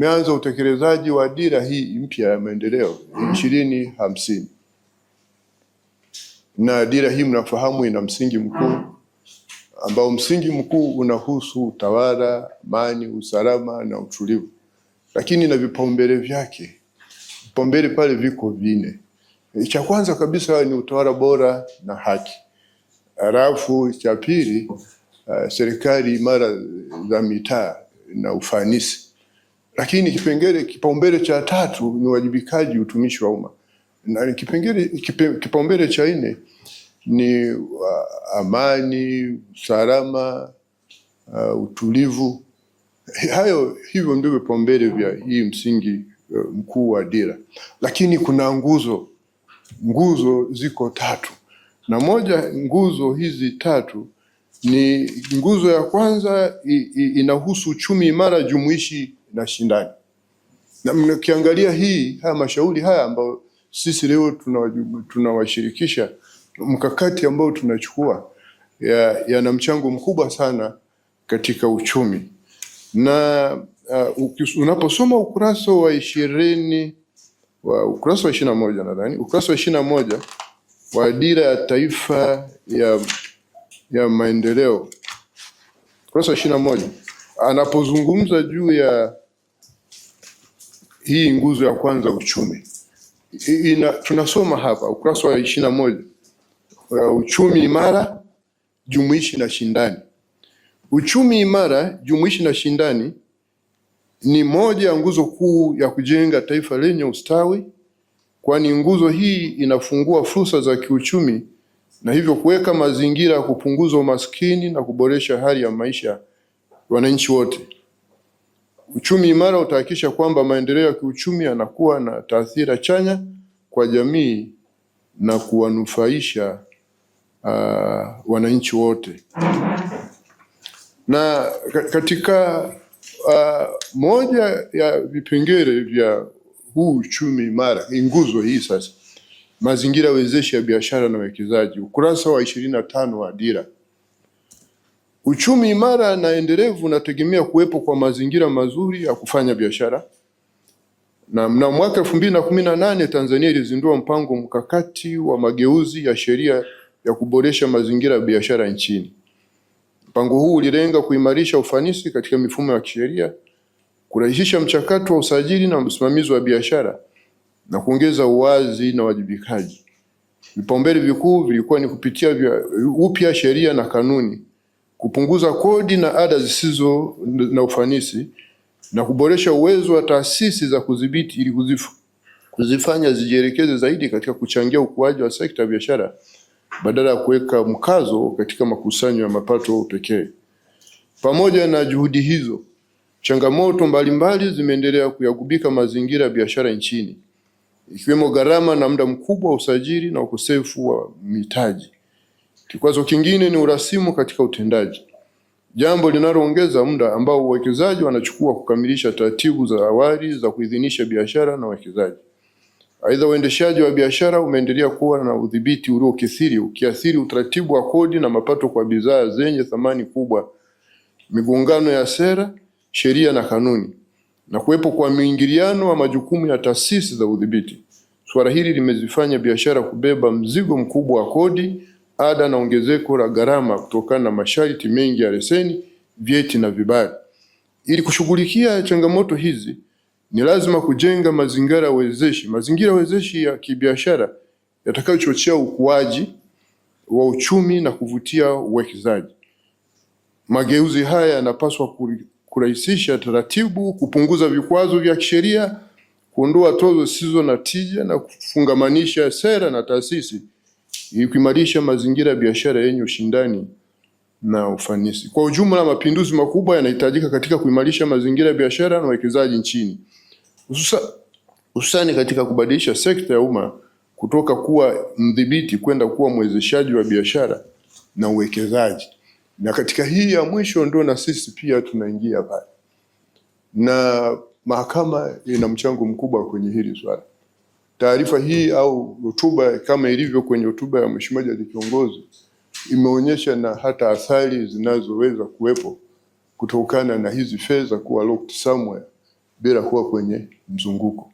umeanza utekelezaji wa dira hii mpya ya maendeleo ishirini hamsini, na dira hii mnafahamu ina msingi mkuu ambao msingi mkuu unahusu utawala, amani, usalama na utulivu, lakini na vipaumbele vyake. Vipaumbele pale viko vinne. Eh, cha kwanza kabisa ni utawala bora na haki, alafu cha pili uh, serikali imara za mitaa na ufanisi lakini kipengele kipaumbele cha tatu ni uwajibikaji utumishi wa umma, na kipengele kipaumbele cha nne ni uh, amani, usalama, uh, utulivu. Hayo hivyo ndivyo vipaumbele vya hii msingi uh, mkuu wa dira. Lakini kuna nguzo, nguzo ziko tatu, na moja nguzo hizi tatu ni nguzo ya kwanza inahusu uchumi imara jumuishi na shindani. Na mkiangalia hii haya mashauri haya ambayo sisi leo tunawashirikisha, tuna mkakati ambao tunachukua yana ya mchango mkubwa sana katika uchumi na uh, unaposoma ukurasa wa ishirini wa ukurasa wa ishirini na moja nadhani ukurasa wa ishirini na moja wa dira ya taifa ya, ya maendeleo ukurasa wa ishirini na moja anapozungumza juu ya hii nguzo ya kwanza uchumi ina, tunasoma hapa ukurasa wa ishirini na moja uchumi imara jumuishi na shindani. Uchumi imara jumuishi na shindani ni moja ya nguzo kuu ya kujenga taifa lenye ustawi, kwani nguzo hii inafungua fursa za kiuchumi na hivyo kuweka mazingira ya kupunguza umaskini na kuboresha hali ya maisha wananchi wote. Uchumi imara utahakikisha kwamba maendeleo ya kiuchumi yanakuwa na taathira chanya kwa jamii na kuwanufaisha uh, wananchi wote. Na katika uh, moja ya vipengele vya huu uchumi imara, nguzo hii sasa, mazingira wezeshi ya biashara na uwekezaji, ukurasa wa ishirini na tano wa dira Uchumi imara na endelevu unategemea kuwepo kwa mazingira mazuri ya kufanya biashara. Na mnamo mwaka elfu mbili na kumi na nane Tanzania ilizindua mpango mkakati wa mageuzi ya sheria ya kuboresha mazingira ya biashara nchini. Mpango huu ulilenga kuimarisha ufanisi katika mifumo ya kisheria, kurahisisha mchakato wa usajili na usimamizi wa biashara na kuongeza uwazi na uwajibikaji. Vipaumbele vikuu vilikuwa ni kupitia upya sheria na kanuni kupunguza kodi na ada zisizo na ufanisi na kuboresha uwezo wa taasisi za kudhibiti ili kuzifu, kuzifanya zijielekeze zaidi katika kuchangia ukuaji wa sekta ya biashara badala ya kuweka mkazo katika makusanyo ya mapato pekee. Pamoja na juhudi hizo, changamoto mbalimbali zimeendelea kuyagubika mazingira ya biashara nchini, ikiwemo gharama na muda mkubwa wa usajili na ukosefu wa mitaji. Kikwazo kingine ni urasimu katika utendaji, jambo linaloongeza muda ambao uwekezaji wanachukua kukamilisha taratibu za awali za kuidhinisha biashara na uwekezaji. Aidha, uendeshaji wa biashara umeendelea kuwa na udhibiti uliokithiri ukiathiri utaratibu wa kodi na mapato kwa bidhaa zenye thamani kubwa, migongano ya sera, sheria na kanuni, na kuwepo kwa miingiliano wa majukumu ya taasisi za udhibiti. Suala hili limezifanya biashara kubeba mzigo mkubwa wa kodi ada na ongezeko la gharama kutokana na masharti mengi ya leseni, vyeti na vibali. Ili kushughulikia changamoto hizi, ni lazima kujenga mazingira wezeshi, mazingira wezeshi ya kibiashara yatakayochochea ukuaji wa uchumi na kuvutia uwekezaji. Mageuzi haya yanapaswa kurahisisha taratibu, kupunguza vikwazo vya kisheria, kuondoa tozo zisizo na tija na kufungamanisha sera na taasisi ili kuimarisha mazingira ya biashara yenye ushindani na ufanisi. Kwa ujumla, mapinduzi makubwa yanahitajika katika kuimarisha mazingira ya biashara na uwekezaji nchini, hususani katika kubadilisha sekta ya umma kutoka kuwa mdhibiti kwenda kuwa mwezeshaji wa biashara na uwekezaji. Na katika hii ya mwisho ndio na sisi pia tunaingia pale, na mahakama ina mchango mkubwa kwenye hili swala. Taarifa hii au hotuba kama ilivyo kwenye hotuba ya Mheshimiwa Jaji Kiongozi imeonyesha na hata athari zinazoweza kuwepo kutokana na hizi fedha kuwa locked somewhere bila kuwa kwenye mzunguko.